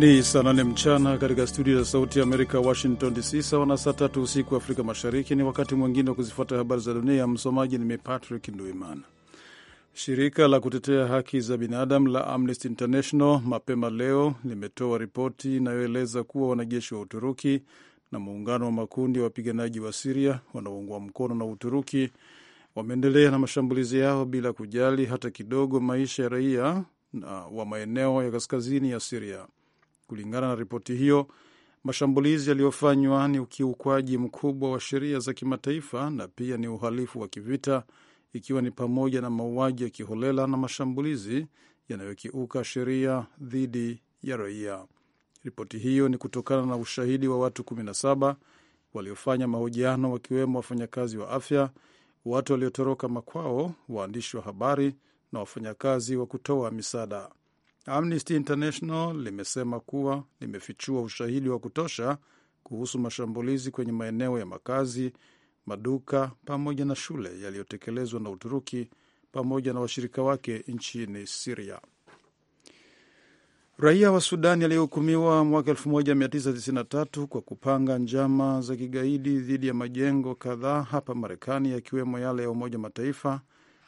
Ni saa nane mchana katika studio za Sauti ya Amerika, Washington DC, sawa na saa tatu usiku Afrika Mashariki. Ni wakati mwingine wa kuzifuata habari za dunia. Msomaji ni mimi Patrick Nduimana. Shirika la kutetea haki za binadamu la Amnesty International mapema leo limetoa ripoti inayoeleza kuwa wanajeshi wa Uturuki na muungano wa makundi ya wa wapiganaji wa Siria wanaoungwa mkono na Uturuki wameendelea na mashambulizi yao bila kujali hata kidogo maisha ya raia wa maeneo ya kaskazini ya Siria. Kulingana na ripoti hiyo, mashambulizi yaliyofanywa ni ukiukwaji mkubwa wa sheria za kimataifa na pia ni uhalifu wa kivita, ikiwa ni pamoja na mauaji ya kiholela na mashambulizi yanayokiuka sheria dhidi ya raia. Ripoti hiyo ni kutokana na ushahidi wa watu 17 waliofanya mahojiano, wakiwemo wafanyakazi wa afya, watu waliotoroka makwao, waandishi wa habari na wafanyakazi wa kutoa misaada. Amnesty International limesema kuwa limefichua ushahidi wa kutosha kuhusu mashambulizi kwenye maeneo ya makazi, maduka pamoja na shule yaliyotekelezwa na Uturuki pamoja na washirika wake nchini Siria. Raia wa Sudani aliyehukumiwa mwaka 1993 kwa kupanga njama za kigaidi dhidi ya majengo kadhaa hapa Marekani, yakiwemo yale ya Umoja Mataifa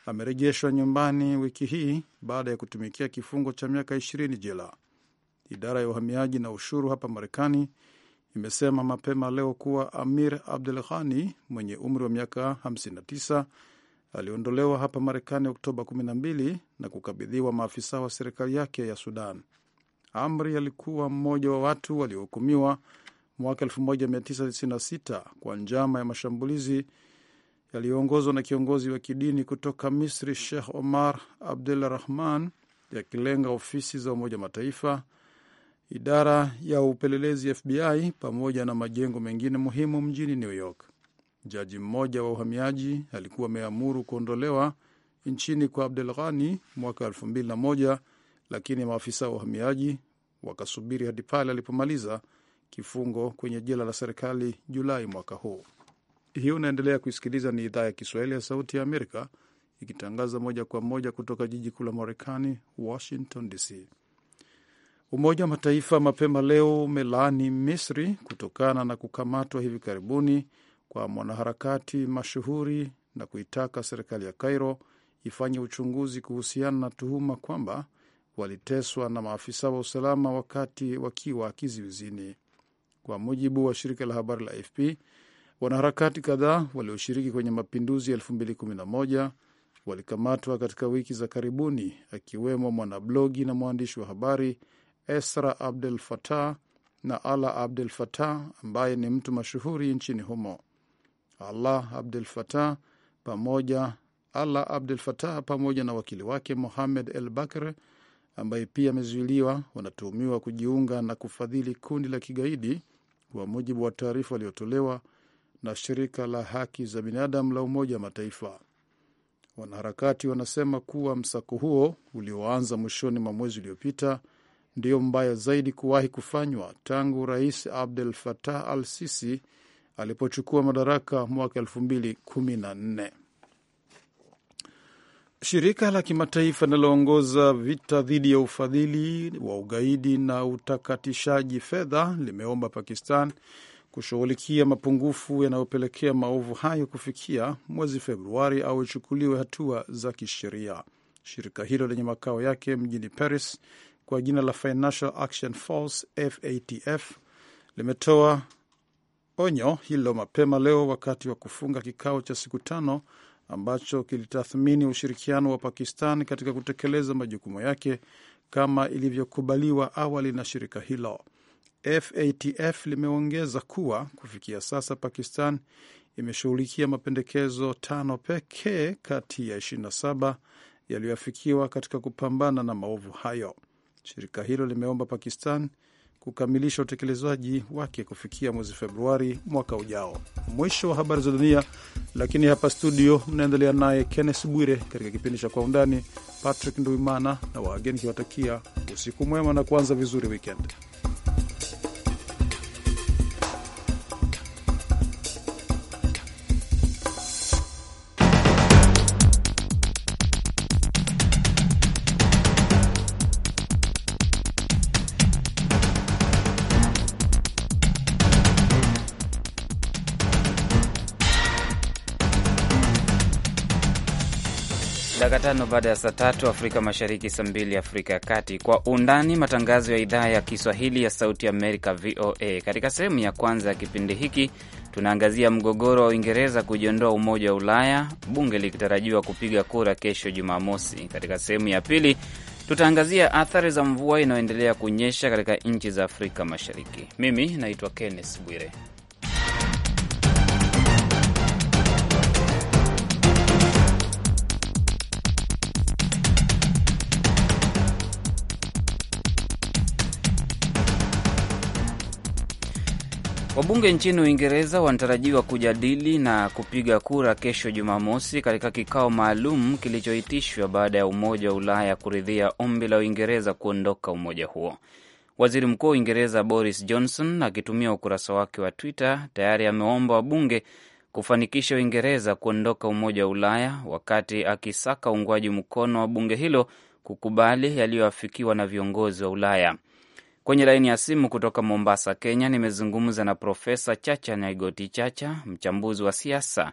amerejeshwa nyumbani wiki hii baada ya kutumikia kifungo cha miaka ishirini jela. Idara ya uhamiaji na ushuru hapa Marekani imesema mapema leo kuwa Amir Abdul Ghani mwenye umri wa miaka 59 aliondolewa hapa Marekani Oktoba 12 na kukabidhiwa maafisa wa serikali yake ya Sudan. Amri alikuwa mmoja wa watu waliohukumiwa mwaka 1996 kwa njama ya mashambulizi yaliyoongozwa na kiongozi wa kidini kutoka Misri Sheikh Omar Abdul Rahman yakilenga ofisi za Umoja Mataifa, idara ya upelelezi FBI pamoja na majengo mengine muhimu mjini New York. Jaji mmoja wa uhamiaji alikuwa ameamuru kuondolewa nchini kwa Abdul Ghani mwaka 2001 lakini maafisa wa uhamiaji wakasubiri hadi pale alipomaliza kifungo kwenye jela la serikali Julai mwaka huu. Hii unaendelea kuisikiliza ni idhaa ya Kiswahili ya Sauti ya Amerika ikitangaza moja kwa moja kutoka jiji kuu la Marekani, Washington DC. Umoja wa Mataifa mapema leo umelaani Misri kutokana na kukamatwa hivi karibuni kwa mwanaharakati mashuhuri na kuitaka serikali ya Cairo ifanye uchunguzi kuhusiana na tuhuma kwamba waliteswa na maafisa wa usalama wakati wakiwa kizuizini. Kwa mujibu wa shirika la habari la AFP, Wanaharakati kadhaa walioshiriki kwenye mapinduzi ya 2011 walikamatwa katika wiki za karibuni, akiwemo mwanablogi na mwandishi wa habari Esra Abdel Fattah na Ala Abdel Fattah ambaye ni mtu mashuhuri nchini humo. Ala Abdel Fattah pamoja Ala Abdel Fattah pamoja na wakili wake Mohamed El Bakr ambaye pia amezuiliwa, wanatuhumiwa kujiunga na kufadhili kundi la kigaidi, kwa mujibu wa taarifa waliotolewa na shirika la haki za binadamu la Umoja wa Mataifa. Wanaharakati wanasema kuwa msako huo ulioanza mwishoni mwa mwezi uliopita ndio mbaya zaidi kuwahi kufanywa tangu Rais Abdel Fattah al Sisi alipochukua madaraka mwaka nne. Shirika la kimataifa linaloongoza vita dhidi ya ufadhili wa ugaidi na utakatishaji fedha limeomba Pakistan kushughulikia mapungufu yanayopelekea maovu hayo kufikia mwezi Februari au ichukuliwe hatua za kisheria. Shirika hilo lenye makao yake mjini Paris kwa jina la Financial Action Force FATF limetoa onyo hilo mapema leo wakati wa kufunga kikao cha siku tano ambacho kilitathmini ushirikiano wa Pakistan katika kutekeleza majukumu yake kama ilivyokubaliwa awali na shirika hilo. FATF limeongeza kuwa kufikia sasa Pakistan imeshughulikia mapendekezo tano pekee kati ya 27 yaliyoafikiwa katika kupambana na maovu hayo. Shirika hilo limeomba Pakistan kukamilisha utekelezaji wake kufikia mwezi Februari mwaka ujao. Mwisho wa habari za dunia, lakini hapa studio mnaendelea naye Kenneth Bwire katika kipindi cha Kwa Undani. Patrick Nduimana na wageni kiwatakia usiku mwema na kuanza vizuri wikendi. tano baada ya saa tatu Afrika Mashariki, saa mbili Afrika ya Kati. Kwa undani, matangazo ya idhaa ya Kiswahili ya Sauti Amerika, VOA. Katika sehemu ya kwanza ya kipindi hiki tunaangazia mgogoro wa Uingereza kujiondoa Umoja wa Ulaya, bunge likitarajiwa kupiga kura kesho Jumamosi. Katika sehemu ya pili tutaangazia athari za mvua inayoendelea kunyesha katika nchi za Afrika Mashariki. Mimi naitwa Kenneth Bwire. Wabunge nchini Uingereza wanatarajiwa kujadili na kupiga kura kesho Jumamosi katika kikao maalum kilichoitishwa baada ya Umoja wa Ulaya kuridhia ombi la Uingereza kuondoka umoja huo. Waziri Mkuu wa Uingereza Boris Johnson akitumia ukurasa wake wa Twitter tayari ameomba wabunge kufanikisha Uingereza kuondoka Umoja wa Ulaya, wakati akisaka uungwaji mkono wa bunge hilo kukubali yaliyoafikiwa na viongozi wa Ulaya. Kwenye laini ya simu kutoka Mombasa, Kenya, nimezungumza na Profesa Chacha Nyaigoti Chacha, mchambuzi wa siasa.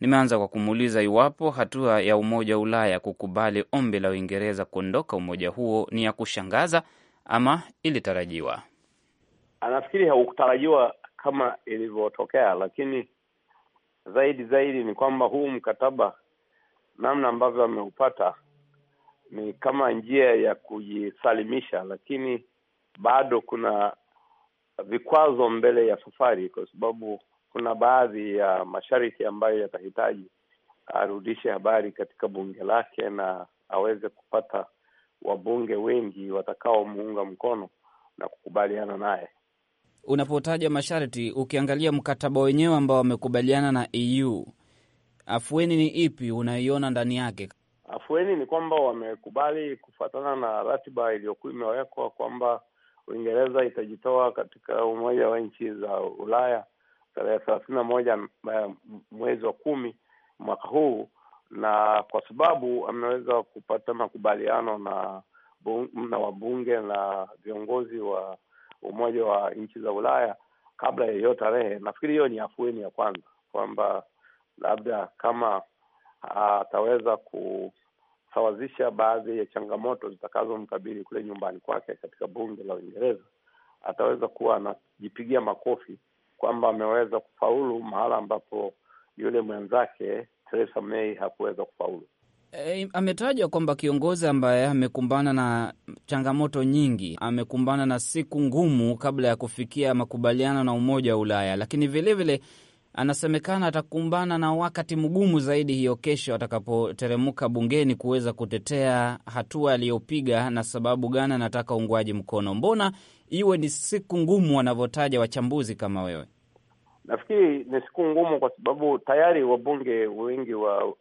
Nimeanza kwa kumuuliza iwapo hatua ya Umoja wa Ulaya kukubali ombi la Uingereza kuondoka umoja huo ni ya kushangaza ama ilitarajiwa. Anafikiri haukutarajiwa kama ilivyotokea, lakini zaidi zaidi ni kwamba huu mkataba namna ambavyo ameupata ni kama njia ya kujisalimisha, lakini bado kuna vikwazo mbele ya safari, kwa sababu kuna baadhi ya masharti ambayo yatahitaji arudishe habari katika bunge lake na aweze kupata wabunge wengi watakaomuunga mkono na kukubaliana naye. Unapotaja masharti, ukiangalia mkataba wenyewe ambao wamekubaliana na EU, afueni ni ipi unaiona ndani yake? Afueni ni kwamba wamekubali kufuatana na ratiba iliyokuwa imewekwa kwamba Uingereza itajitoa katika Umoja wa Nchi za Ulaya tarehe thelathini na moja eh, mwezi wa kumi mwaka huu, na kwa sababu ameweza kupata makubaliano na na wabunge na viongozi wa Umoja wa Nchi za Ulaya kabla ya hiyo tarehe. Nafikiri hiyo ni afueni ya kwanza, kwamba labda kama ah, ataweza ku kusawazisha baadhi ya changamoto zitakazomkabili kule nyumbani kwake katika bunge la Uingereza, ataweza kuwa anajipigia makofi kwamba ameweza kufaulu mahala ambapo yule mwenzake Theresa May hakuweza kufaulu. E, ametajwa kwamba kiongozi ambaye amekumbana na changamoto nyingi, amekumbana na siku ngumu kabla ya kufikia makubaliano na Umoja wa Ulaya, lakini vilevile vile anasemekana atakumbana na wakati mgumu zaidi hiyo kesho atakapoteremka bungeni kuweza kutetea hatua aliyopiga na sababu gani anataka uungwaji mkono. Mbona iwe ni siku ngumu wanavyotaja wachambuzi kama wewe? Nafikiri ni siku ngumu kwa sababu tayari wabunge wengi wa uh,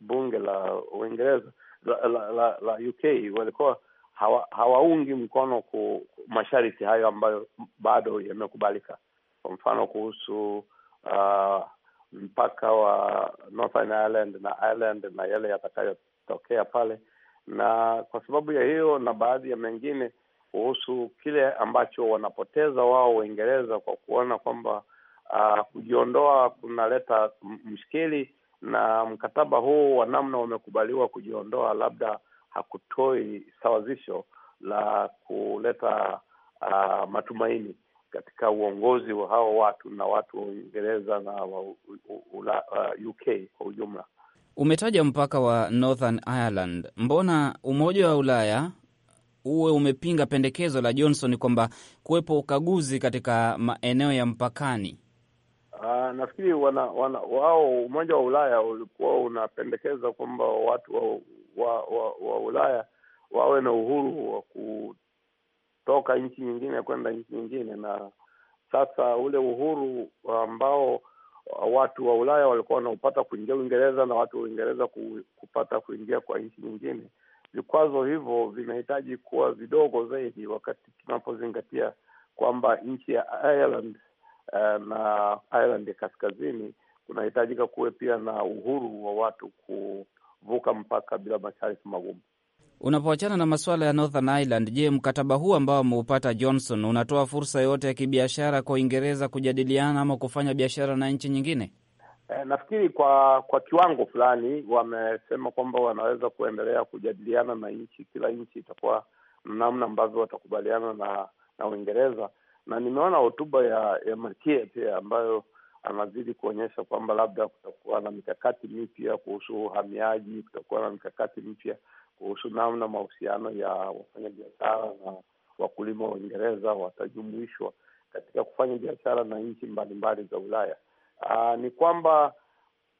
bunge la Uingereza la, la, la, la UK walikuwa hawa, hawaungi mkono ku masharti hayo ambayo bado yamekubalika, kwa mfano kuhusu uh, mpaka wa Northern Ireland na Ireland na yale yatakayotokea pale, na kwa sababu ya hiyo na baadhi ya mengine kuhusu kile ambacho wanapoteza wao Waingereza kwa kuona kwamba uh, kujiondoa kunaleta mshikili na mkataba huu wa namna wamekubaliwa kujiondoa labda hakutoi sawazisho la kuleta uh, matumaini katika uongozi wa hao watu na watu wa Uingereza na wa UK uh, kwa ujumla. Umetaja mpaka wa Northern Ireland. Mbona Umoja wa Ulaya uwe umepinga pendekezo la Johnson kwamba kuwepo ukaguzi katika maeneo ya mpakani? Uh, nafikiri wana, wana, wao Umoja wa Ulaya ulikuwa unapendekeza kwamba watu wa, wa, wa, wa Ulaya wawe na uhuru wa ku toka nchi nyingine kwenda nchi nyingine, na sasa ule uhuru ambao watu wa Ulaya walikuwa wanaupata kuingia Uingereza na watu wa Uingereza kupata kuingia kwa nchi nyingine, vikwazo hivyo vinahitaji kuwa vidogo zaidi, wakati tunapozingatia kwamba nchi ya Ireland eh, na Ireland ya kaskazini kunahitajika kuwe pia na uhuru wa watu kuvuka mpaka bila masharti magumu. Unapoachana na masuala ya Northern Ireland, je, mkataba huu ambao ameupata Johnson unatoa fursa yote ya kibiashara kwa Uingereza kujadiliana ama kufanya biashara na nchi nyingine? E, nafikiri kwa kwa kiwango fulani wamesema kwamba wanaweza kuendelea kujadiliana na nchi, kila nchi itakuwa na namna ambavyo watakubaliana na na Uingereza, na nimeona hotuba ya, ya Merkel pia ambayo anazidi kuonyesha kwamba labda kutakuwa na mikakati mipya kuhusu uhamiaji, kutakuwa na mikakati mipya kuhusu namna mahusiano ya wafanyabiashara na wakulima wa Uingereza watajumuishwa katika kufanya biashara na nchi mbalimbali za Ulaya. Aa, ah, ni kwamba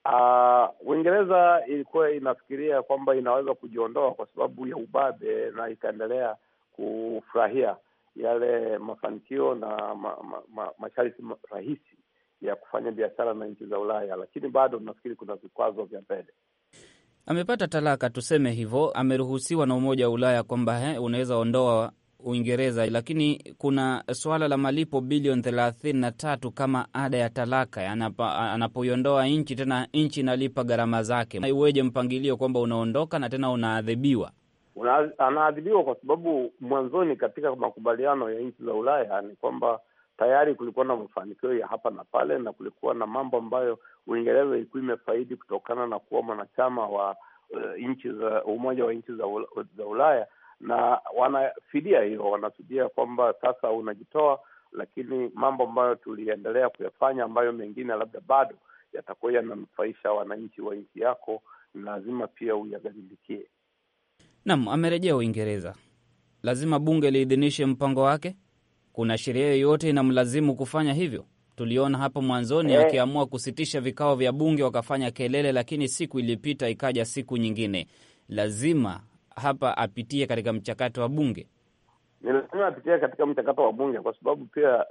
ah, Uingereza ilikuwa inafikiria kwamba inaweza kujiondoa kwa sababu ya ubabe na ikaendelea kufurahia yale mafanikio na ma, ma, ma, masharti rahisi ya kufanya biashara na nchi za Ulaya, lakini bado nafikiri kuna vikwazo vya mbele amepata talaka, tuseme hivyo, ameruhusiwa na Umoja wa Ulaya kwamba eh, unaweza ondoa Uingereza, lakini kuna suala la malipo bilioni thelathini na tatu kama ada ya talaka. Anapoiondoa nchi tena, nchi inalipa gharama zake. Iweje mpangilio kwamba unaondoka na tena unaadhibiwa? Una, anaadhibiwa kwa sababu mwanzoni katika makubaliano ya nchi za Ulaya ni kwamba tayari kulikuwa na mafanikio ya hapa na pale, na kulikuwa na mambo ambayo Uingereza ilikuwa imefaidi kutokana na kuwa mwanachama wa uh, nchi za umoja wa nchi za, ula, za Ulaya, na wanafidia hiyo, wanafidia kwamba sasa unajitoa, lakini mambo ambayo tuliendelea kuyafanya ambayo mengine labda bado yatakuwa yananufaisha wananchi wa nchi yako, ni lazima pia uyagharimikie. Naam, amerejea Uingereza, lazima bunge liidhinishe mpango wake kuna sheria yoyote inamlazimu kufanya hivyo? Tuliona hapo mwanzoni eh. akiamua kusitisha vikao vya bunge wakafanya kelele, lakini siku iliyopita ikaja siku nyingine. Lazima hapa apitie katika mchakato wa bunge, ni lazima apitie katika mchakato wa bunge, kwa sababu pia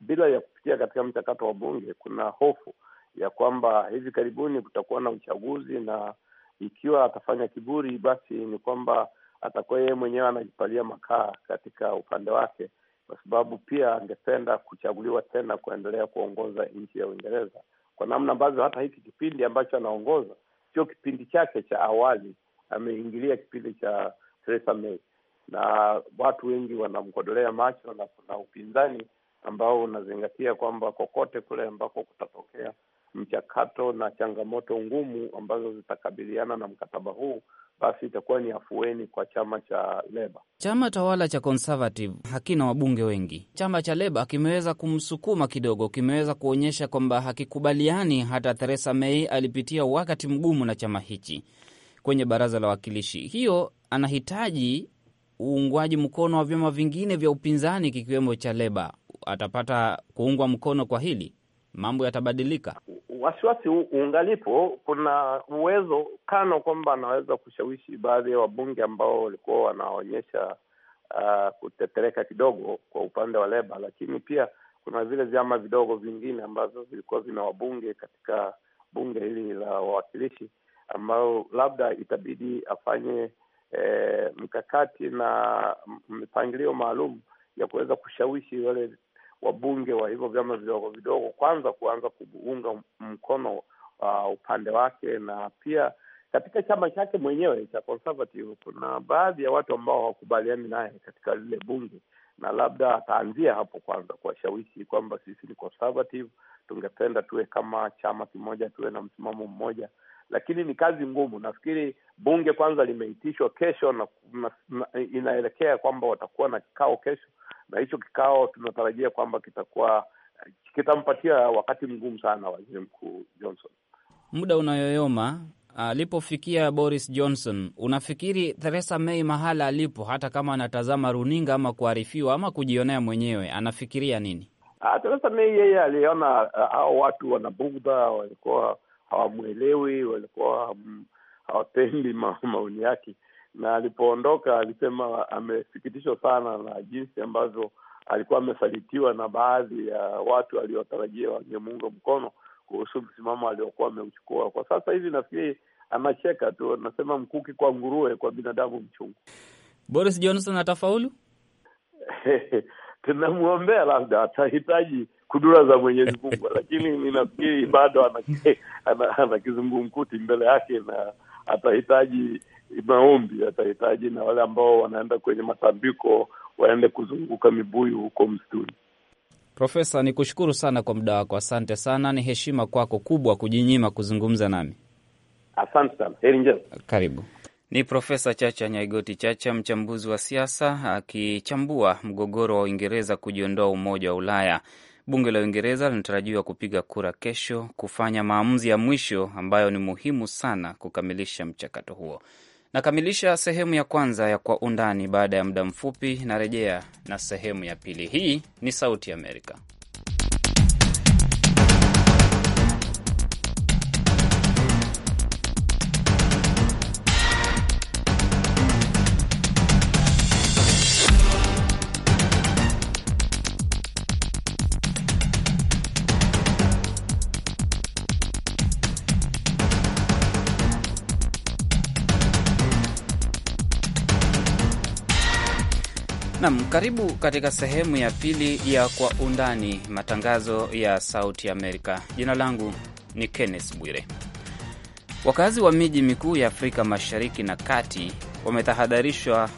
bila ya kupitia katika mchakato wa bunge, kuna hofu ya kwamba hivi karibuni kutakuwa na uchaguzi, na ikiwa atafanya kiburi, basi ni kwamba atakuwa yeye mwenyewe anajipalia makaa katika upande wake kwa sababu pia angependa kuchaguliwa tena kuendelea kuongoza nchi ya Uingereza kwa namna ambavyo hata hiki kipindi ambacho anaongoza sio kipindi chake cha awali. Ameingilia kipindi cha Theresa May na watu wengi wanamkodolea macho na kuna upinzani ambao unazingatia kwamba kokote kule ambako kutatokea mchakato na changamoto ngumu ambazo zitakabiliana na mkataba huu, basi itakuwa ni afueni kwa chama cha Leba. Chama tawala cha Conservative hakina wabunge wengi. Chama cha Leba kimeweza kumsukuma kidogo, kimeweza kuonyesha kwamba hakikubaliani. Hata Theresa May alipitia wakati mgumu na chama hichi kwenye baraza la wawakilishi, hiyo anahitaji uungwaji mkono wa vyama vingine vya upinzani kikiwemo cha Leba. Atapata kuungwa mkono kwa hili, mambo yatabadilika wasiwasi ungalipo kuna uwezo kano kwamba anaweza kushawishi baadhi ya wabunge ambao walikuwa wanaonyesha uh, kutetereka kidogo kwa upande wa Leba, lakini pia kuna vile vyama vidogo vingine ambavyo vilikuwa vina wabunge katika bunge hili la wawakilishi ambayo labda itabidi afanye E, eh, mkakati na mipangilio maalum ya kuweza kushawishi wale wabunge wa hivyo vyama vidogo vidogo kwanza kuanza kuunga mkono uh, upande wake, na pia katika chama chake mwenyewe cha Conservative kuna baadhi ya watu ambao hawakubaliani naye katika lile bunge, na labda ataanzia hapo kwanza kuwashawishi kwamba sisi ni Conservative, tungependa tuwe kama chama kimoja, tuwe na msimamo mmoja lakini ni kazi ngumu. Nafikiri bunge kwanza limeitishwa kesho na, na, na inaelekea kwamba watakuwa na kikao kesho, na hicho kikao tunatarajia kwamba kitakuwa kitampatia wakati mgumu sana waziri mkuu Johnson. Muda unayoyoma alipofikia Boris Johnson, unafikiri Theresa May mahala alipo, hata kama anatazama runinga ama kuarifiwa ama kujionea mwenyewe, anafikiria nini? Ah, Theresa May yeye aliona ah, hao watu wanabugdha walikuwa hawamwelewi, walikuwa hawapendi ma, maoni yake. Na alipoondoka alisema amesikitishwa sana na jinsi ambavyo alikuwa amesalitiwa na baadhi ya watu aliotarajia wangemuunga mkono kuhusu msimamo aliokuwa ameuchukua. Kwa sasa hivi nafikiri anacheka tu, anasema mkuki kwa nguruwe, kwa binadamu mchungu. Boris Johnson atafaulu? Tunamwombea, labda atahitaji kudura za Mwenyezi Mungu, lakini ninafikiri bado ana, ana, ana kizungumkuti mbele yake na atahitaji maombi, atahitaji na wale ambao wanaenda kwenye matambiko waende kuzunguka mibuyu huko msituni. Profesa, ni kushukuru sana kwa muda wako, asante sana. Ni heshima kwako kubwa kujinyima kuzungumza nami. Asante sana, heri njema. Karibu. Ni Profesa Chacha Nyaigoti Chacha, mchambuzi wa siasa, akichambua mgogoro wa Uingereza kujiondoa Umoja wa Ulaya. Bunge la Uingereza linatarajiwa kupiga kura kesho kufanya maamuzi ya mwisho ambayo ni muhimu sana kukamilisha mchakato huo. Nakamilisha sehemu ya kwanza ya Kwa Undani. Baada ya muda mfupi, narejea na sehemu ya pili. Hii ni Sauti Amerika. Nam, karibu katika sehemu ya pili ya Kwa Undani, matangazo ya Sauti Amerika. Jina langu ni Kenneth Bwire. Wakazi wa miji mikuu ya Afrika Mashariki na Kati wametahadharishwa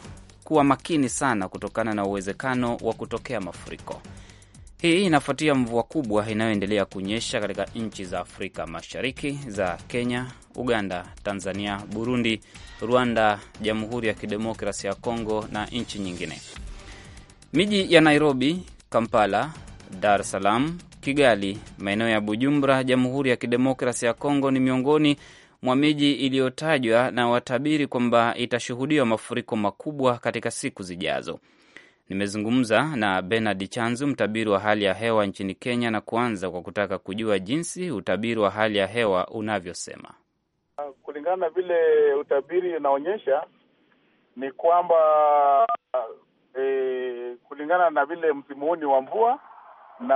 kuwa makini sana kutokana na uwezekano wa kutokea mafuriko. Hii inafuatia mvua kubwa inayoendelea kunyesha katika nchi za Afrika Mashariki za Kenya, Uganda, Tanzania, Burundi, Rwanda, Jamhuri ya Kidemokrasia ya Kongo na nchi nyingine. Miji ya Nairobi, Kampala, Dar es Salaam, Kigali, maeneo ya Bujumbura, Jamhuri ya Kidemokrasi ya Kongo ni miongoni mwa miji iliyotajwa na watabiri kwamba itashuhudiwa mafuriko makubwa katika siku zijazo. Nimezungumza na Bernard Chanzu, mtabiri wa hali ya hewa nchini Kenya, na kuanza kwa kutaka kujua jinsi utabiri wa hali ya hewa unavyosema. Kulingana na vile utabiri unaonyesha ni kwamba e, kulingana na vile msimu huu ni wa mvua, na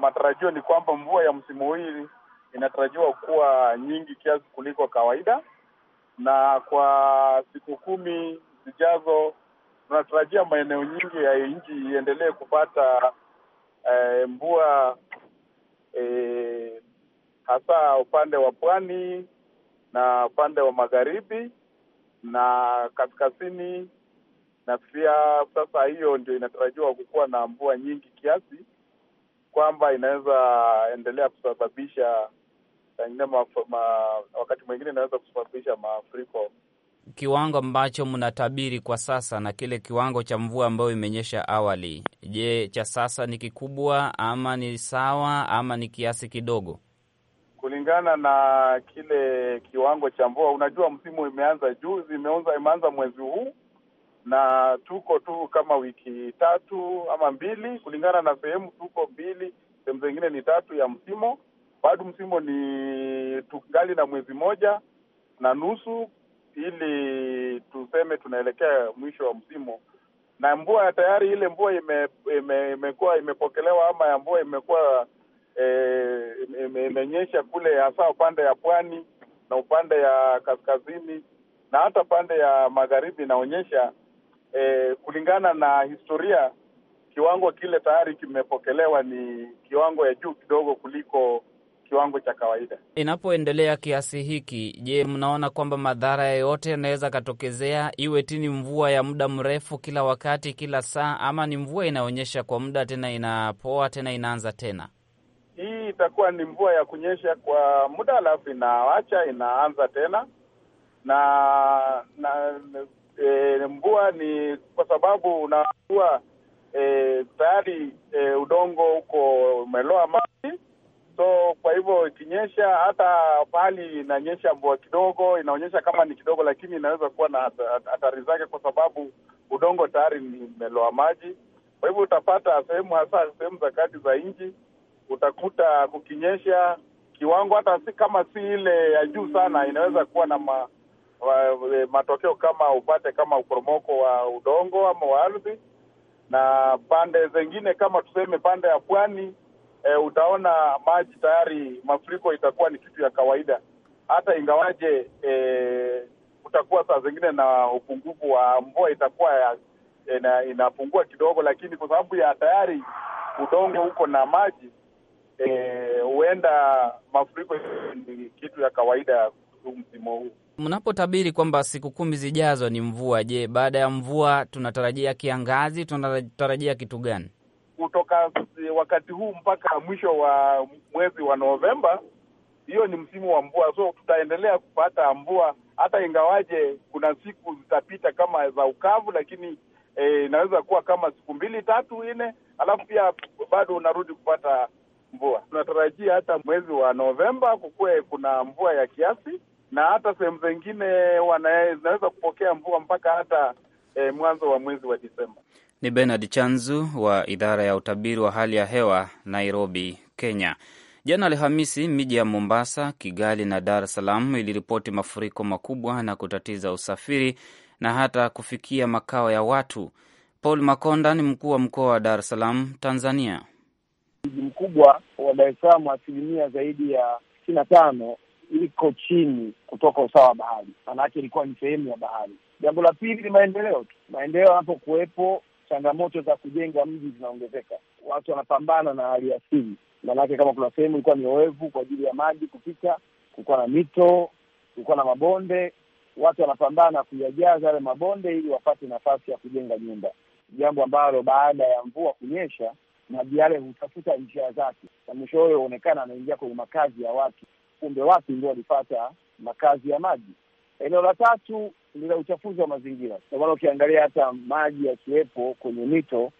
matarajio ni kwamba mvua ya msimu hii inatarajiwa kuwa nyingi kiasi kuliko kawaida, na kwa siku kumi zijazo tunatarajia maeneo nyingi ya nchi iendelee kupata eh, mvua eh, hasa upande wa pwani na upande wa magharibi na kaskazini pia sasa hiyo ndio inatarajiwa kukuwa na mvua nyingi kiasi kwamba inaweza endelea kusababisha pengine wakati mwingine inaweza kusababisha mafuriko. Kiwango ambacho mnatabiri kwa sasa na kile kiwango cha mvua ambayo imenyesha awali, je, cha sasa ni kikubwa ama ni sawa ama ni kiasi kidogo kulingana na kile kiwango cha mvua? Unajua msimu imeanza juzi, imeanza mwezi huu na tuko tu kama wiki tatu ama mbili, kulingana na sehemu tuko mbili, sehemu zingine ni tatu ya msimo. Bado msimo ni tungali na mwezi moja na nusu ili tuseme tunaelekea mwisho wa msimo, na mvua tayari, ile mvua ime, ime, imepokelewa ama ya mvua imekuwa e, imenyesha kule, hasa upande ya pwani na upande ya kaskazini na hata pande ya magharibi inaonyesha eh, kulingana na historia, kiwango kile tayari kimepokelewa ni kiwango ya juu kidogo kuliko kiwango cha kawaida. Inapoendelea kiasi hiki, je, mnaona kwamba madhara yoyote yanaweza katokezea, iwe ti ni mvua ya muda mrefu kila wakati, kila saa, ama ni mvua inaonyesha kwa muda tena inapoa tena inaanza tena? Hii itakuwa ni mvua ya kunyesha kwa muda alafu inawacha inaanza tena na, na e, mvua ni kwa sababu unakuwa e, tayari e, udongo huko umeloa maji, so kwa hivyo ikinyesha, hata pahali inanyesha mvua kidogo, inaonyesha kama ni kidogo, lakini inaweza kuwa na hatari zake, kwa sababu udongo tayari ni umeloa maji. Kwa hivyo utapata sehemu, hasa sehemu za kati za nchi, utakuta kukinyesha kiwango hata si kama si ile ya juu sana, inaweza kuwa na ma, Eh, matokeo kama upate kama uporomoko wa udongo ama wa ardhi, na pande zengine kama tuseme pande ya pwani e, utaona maji tayari, mafuriko itakuwa ni kitu ya kawaida, hata ingawaje e, eh, utakuwa saa zingine na upungufu wa mvua, itakuwa ya, ina, inapungua kidogo, lakini kwa sababu ya tayari udongo uko na maji huenda e, mafuriko ni kitu ya kawaida msimu huu. Mnapotabiri kwamba siku kumi zijazo ni mvua, je, baada ya mvua tunatarajia kiangazi? Tunatarajia kitu gani kutoka eh, wakati huu mpaka mwisho wa mwezi wa Novemba? Hiyo ni msimu wa mvua, so tutaendelea kupata mvua hata ingawaje kuna siku zitapita kama za ukavu, lakini eh, inaweza kuwa kama siku mbili tatu nne, alafu pia bado unarudi kupata mvua. Tunatarajia hata mwezi wa Novemba kukuwe kuna mvua ya kiasi na hata sehemu zingine zinaweza kupokea mvua mpaka hata e, mwanzo wa mwezi wa Disemba. Ni Bernard Chanzu wa idara ya utabiri wa hali ya hewa Nairobi, Kenya. Jana Alhamisi, miji ya Mombasa, Kigali na Dar es Salaam iliripoti mafuriko makubwa na kutatiza usafiri na hata kufikia makao ya watu. Paul Makonda ni mkuu wa mkoa wa Dar es Salaam, Tanzania. Mji mkubwa wa Dar es Salaam, asilimia zaidi ya sitini na tano iko chini kutoka usawa wa bahari, maanake ilikuwa ni sehemu ya bahari. Jambo la pili ni maendeleo tu. Maendeleo yanapokuwepo, changamoto za kujenga mji zinaongezeka, watu wanapambana na hali ya asili, maanake kama kuna sehemu ilikuwa ni oevu kwa ajili ya maji kupita, kulikuwa na mito, kulikuwa na mabonde, watu wanapambana kuyajaza yale mabonde ili wapate nafasi ya kujenga nyumba, jambo ambalo baada ya mvua kunyesha maji yale hutafuta njia zake na mwisho huyo huonekana anaingia kwenye makazi ya watu kumbe watu ndio walipata makazi ya maji. Eneo la tatu ni la uchafuzi wa mazingira. Kwa maana ukiangalia hata maji yakiwepo kwenye mito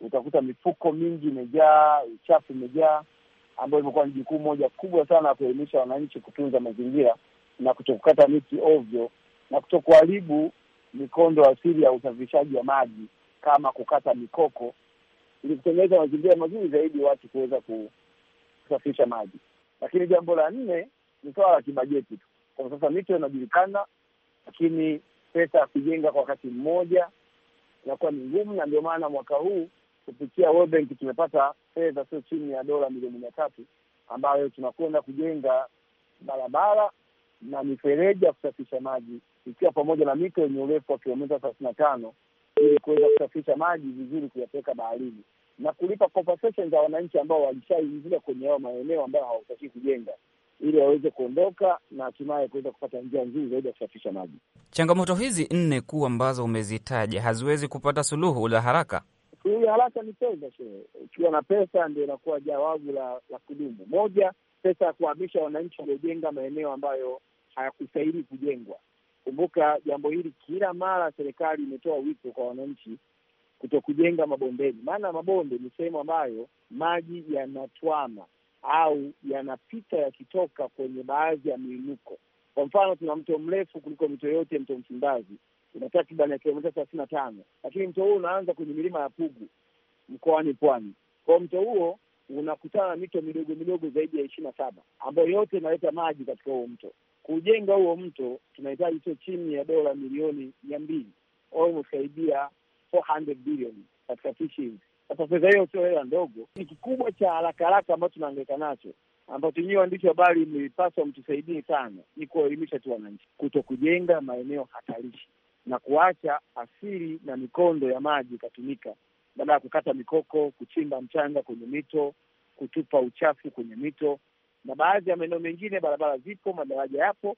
utakuta mifuko mingi imejaa, uchafu imejaa ambayo imekuwa ni jukumu moja kubwa sana ya kuelimisha wananchi kutunza mazingira na kutokukata miti ovyo na kutokuharibu mikondo asili ya usafirishaji wa maji kama kukata mikoko, ili kutengeneza mazingira mazuri zaidi watu kuweza kusafirisha maji. Lakini jambo la nne ni swala la kibajeti tu. Kwa sasa mito inajulikana, lakini pesa ya kujenga kwa wakati mmoja inakuwa ni ngumu, na ndio maana mwaka huu kupitia World Bank tumepata fedha sio chini ya dola milioni mia tatu ambayo tunakwenda kujenga barabara na mifereji ya kusafisha maji ikiwa pamoja na mito yenye urefu wa kilomita thelathini na tano ili kuweza kusafisha maji vizuri kuyapeleka baharini na kulipa compensation za wananchi ambao walishaingia kwenye hayo maeneo ambayo hawatakii kujenga ili waweze kuondoka na hatimaye kuweza kupata njia nzuri zaidi ya kusafisha maji. Changamoto hizi nne kuu ambazo umezitaja haziwezi kupata suluhu la haraka. Suluhu ya haraka ni pesa. Ukiwa na pesa, ndio inakuwa jawabu la, la kudumu. Moja, pesa ya kuhamisha wananchi waliojenga maeneo ambayo hayakustahili kujengwa. Kumbuka jambo hili, kila mara serikali imetoa wito kwa wananchi kuto kujenga mabondeni, maana mabonde ni sehemu ambayo maji yanatwama au yanapita yakitoka kwenye baadhi ya miinuko. Kwa mfano, tuna mto mrefu kuliko mito yote, mto Msimbazi una takriban ya kilomita thelathini na tano, lakini mto huo unaanza kwenye milima ya Pugu mkoani Pwani. Kwa mto huo unakutana na mito midogo midogo zaidi ya ishirini na saba ambayo yote inaleta maji katika huo mto. Kujenga huo mto tunahitaji sio chini ya dola milioni mia mbili ao umesaidia 400 billion katika fishing. Sasa fedha hiyo sio hela ndogo, ni kikubwa cha haraka haraka ambacho tunaangaika nacho ambacho nyinyi waandishi wa habari mlipaswa mtusaidie sana, ni kuwaelimisha tu wananchi kuto kujenga maeneo hatarishi na kuacha asili na mikondo ya maji ikatumika badala ya kukata mikoko, kuchimba mchanga kwenye mito, kutupa uchafu kwenye mito. Na baadhi ya maeneo mengine barabara zipo, madaraja yapo,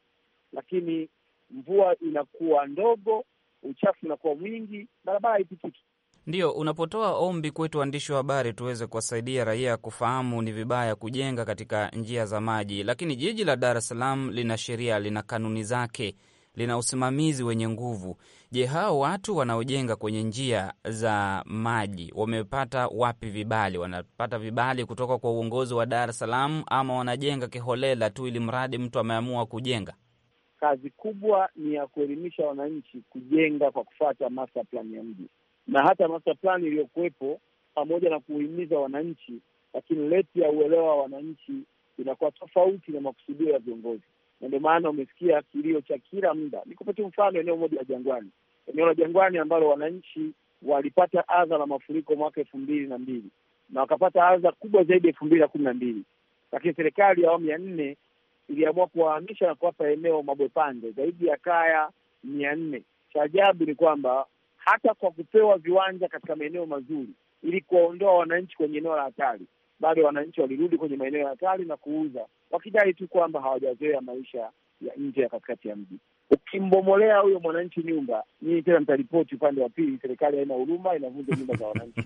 lakini mvua inakuwa ndogo uchafu unakuwa mwingi, barabara haipitiki. Ndio unapotoa ombi kwetu waandishi wa habari tuweze kuwasaidia raia kufahamu ni vibaya kujenga katika njia za maji, lakini jiji la Dar es Salaam lina sheria, lina kanuni zake, lina usimamizi wenye nguvu. Je, hao watu wanaojenga kwenye njia za maji wamepata wapi vibali? Wanapata vibali kutoka kwa uongozi wa Dar es Salaam ama wanajenga kiholela tu, ili mradi mtu ameamua kujenga? kazi kubwa ni ya kuelimisha wananchi kujenga kwa kufuata master plan ya mji na hata master plan iliyokuwepo, pamoja na kuhimiza wananchi, lakini leti ya uelewa wa wananchi inakuwa tofauti na makusudio ya viongozi, na ndio maana umesikia kilio cha kila muda. Nikupe tu mfano, eneo moja la Jangwani, eneo la Jangwani ambalo wananchi walipata adha la mafuriko mwaka elfu mbili na mbili na wakapata adha kubwa zaidi elfu mbili na kumi na mbili lakini serikali ya awamu ya nne iliamua kuwahamisha na kuwapa eneo Mabwepande zaidi ya kaya mia nne. Cha ajabu ni kwamba hata kwa kupewa viwanja katika maeneo mazuri ili kuwaondoa wananchi kwenye eneo la hatari, bado wananchi walirudi kwenye maeneo ya hatari na kuuza, wakidai tu kwamba hawajazoea maisha ya nje ya katikati ya mji. Ukimbomolea huyo mwananchi nyumba, nyinyi tena mtaripoti upande wa pili, serikali haina huruma, inavunja nyumba za wananchi.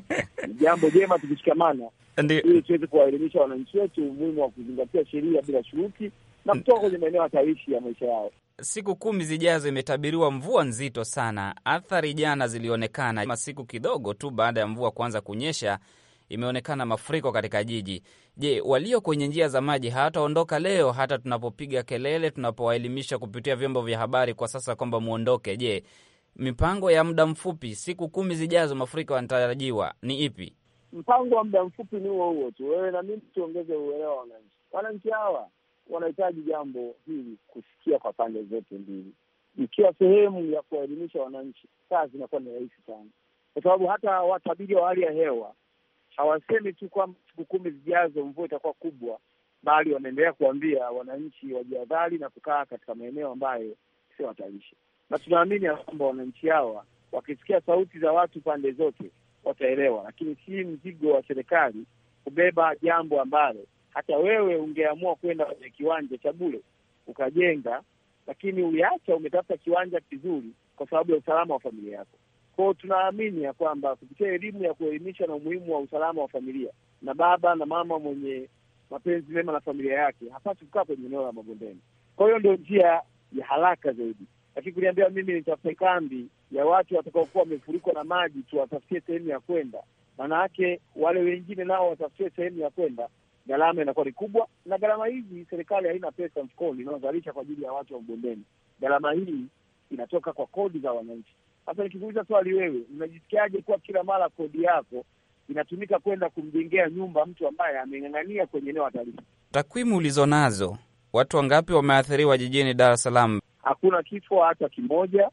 Jambo jema tukishikamana, ili tuweze kuwaelimisha wananchi wetu umuhimu wa kuzingatia sheria bila shuruti na kutoka kwenye maeneo hatarishi ya maisha yao. Siku kumi zijazo imetabiriwa mvua nzito sana. Athari jana zilionekana masiku kidogo tu baada ya mvua kuanza kunyesha imeonekana mafuriko katika jiji. Je, walio kwenye njia za maji hawataondoka leo, hata tunapopiga kelele, tunapowaelimisha kupitia vyombo vya habari kwa sasa kwamba mwondoke? Je, mipango ya muda mfupi, siku kumi zijazo mafuriko yanatarajiwa, ni ipi? Mpango wa muda mfupi ni huo huo tu, wewe na mimi tuongeze uelewa wa wananchi. Wananchi hawa wanahitaji jambo hili kusikia kwa pande zote mbili. Ikiwa sehemu ya kuwaelimisha wananchi, saa zinakuwa ni rahisi sana, kwa sababu hata watabiri wa hali ya hewa hawasemi tu kwamba siku kumi zijazo mvua itakuwa kubwa, bali wanaendelea kuambia wananchi wajihadhari na kukaa katika maeneo ambayo sio hatarishi, na tunaamini ya kwamba wananchi hawa wakisikia sauti za watu pande zote wataelewa, lakini si mzigo wa serikali kubeba jambo ambalo hata wewe ungeamua kwenda kwenye kiwanja cha bule ukajenga, lakini uliacha umetafuta kiwanja kizuri kwa sababu ya usalama wa familia yako kwao. Tunaamini ya kwamba kupitia elimu ya kuelimisha na umuhimu wa usalama wa familia, na baba na mama mwenye mapenzi mema na familia yake hapasi kukaa kwenye eneo la mabondeni. Kwa hiyo ndio njia ya haraka zaidi, lakini kuniambia mimi nitafute kambi ya watu watakaokuwa wamefurikwa na maji tuwatafutie sehemu ya kwenda, manaake wale wengine nao watafutie sehemu ya kwenda, gharama inakuwa ni kubwa. Na gharama hizi serikali haina pesa mfukoni inayozalisha kwa ajili ya watu wa mabondeni. Gharama hii inatoka kwa kodi za wananchi. Sasa nikikuuliza swali, wewe unajisikiaje kuwa kila mara kodi yako inatumika kwenda kumjengea nyumba mtu ambaye ameng'ang'ania kwenye eneo hatari? Takwimu ulizo nazo, watu wangapi wameathiriwa jijini Dar es Salaam? Hakuna kifo hata kimoja,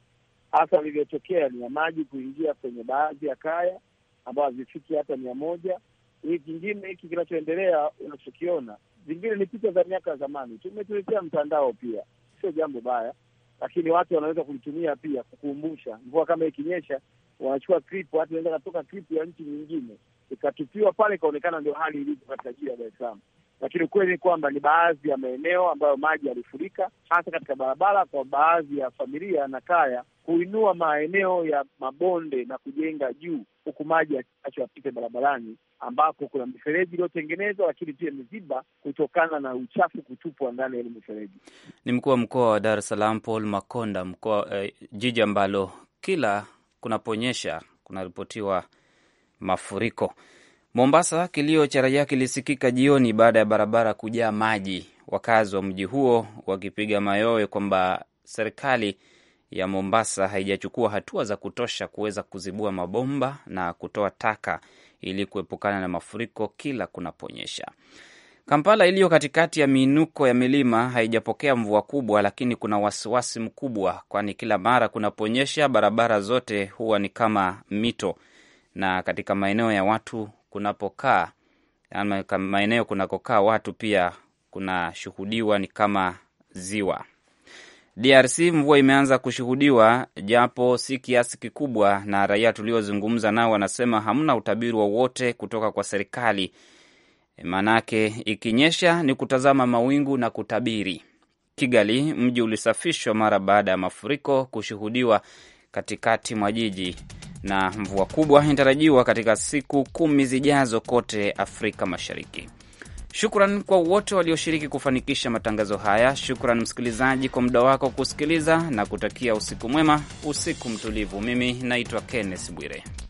hasa liliyotokea ni ya maji kuingia kwenye baadhi ya kaya ambayo hazifiki hata mia moja. Hii kingine hiki kinachoendelea unachokiona, zingine ni picha za miaka ya zamani, tumetuletea mtandao pia, sio jambo baya lakini watu wanaweza kulitumia pia kukumbusha. Mvua kama ikinyesha, wanachukua clip, watu wanaweza katoka clip ya nchi nyingine ikatupiwa pale, ikaonekana ndio hali ilivyo katika jiji la Dar es Salaam lakini ukweli ni kwamba ni baadhi ya maeneo ambayo maji yalifurika, hasa katika barabara, kwa baadhi ya familia na kaya kuinua maeneo ya mabonde na kujenga juu, huku maji yakiacho yapite barabarani, ambako kuna mifereji iliyotengenezwa, lakini pia miziba kutokana na uchafu kutupwa ndani ya ile mifereji. Ni mkuu wa mkoa wa Dar es Salaam Paul Makonda, mkoa eh, jiji ambalo kila kunaponyesha kunaripotiwa mafuriko. Mombasa, kilio cha raia kilisikika jioni baada ya barabara kujaa maji, wakazi wa mji huo wakipiga mayowe kwamba serikali ya Mombasa haijachukua hatua za kutosha kuweza kuzibua mabomba na kutoa taka ili kuepukana na mafuriko kila kunaponyesha. Kampala iliyo katikati ya miinuko ya milima haijapokea mvua kubwa, lakini kuna wasiwasi mkubwa, kwani kila mara kunaponyesha barabara zote huwa ni kama mito, na katika maeneo ya watu kunapokaa ama maeneo kunakokaa watu pia kunashuhudiwa ni kama ziwa. DRC mvua imeanza kushuhudiwa japo si kiasi kikubwa, na raia tuliozungumza nao wanasema hamna utabiri wowote kutoka kwa serikali, maanake ikinyesha ni kutazama mawingu na kutabiri. Kigali mji ulisafishwa mara baada ya mafuriko kushuhudiwa katikati mwa jiji na mvua kubwa inatarajiwa katika siku kumi zijazo kote Afrika Mashariki. Shukran kwa wote walioshiriki kufanikisha matangazo haya. Shukran msikilizaji kwa muda wako kusikiliza na kutakia usiku mwema, usiku mtulivu. Mimi naitwa Kenneth Bwire.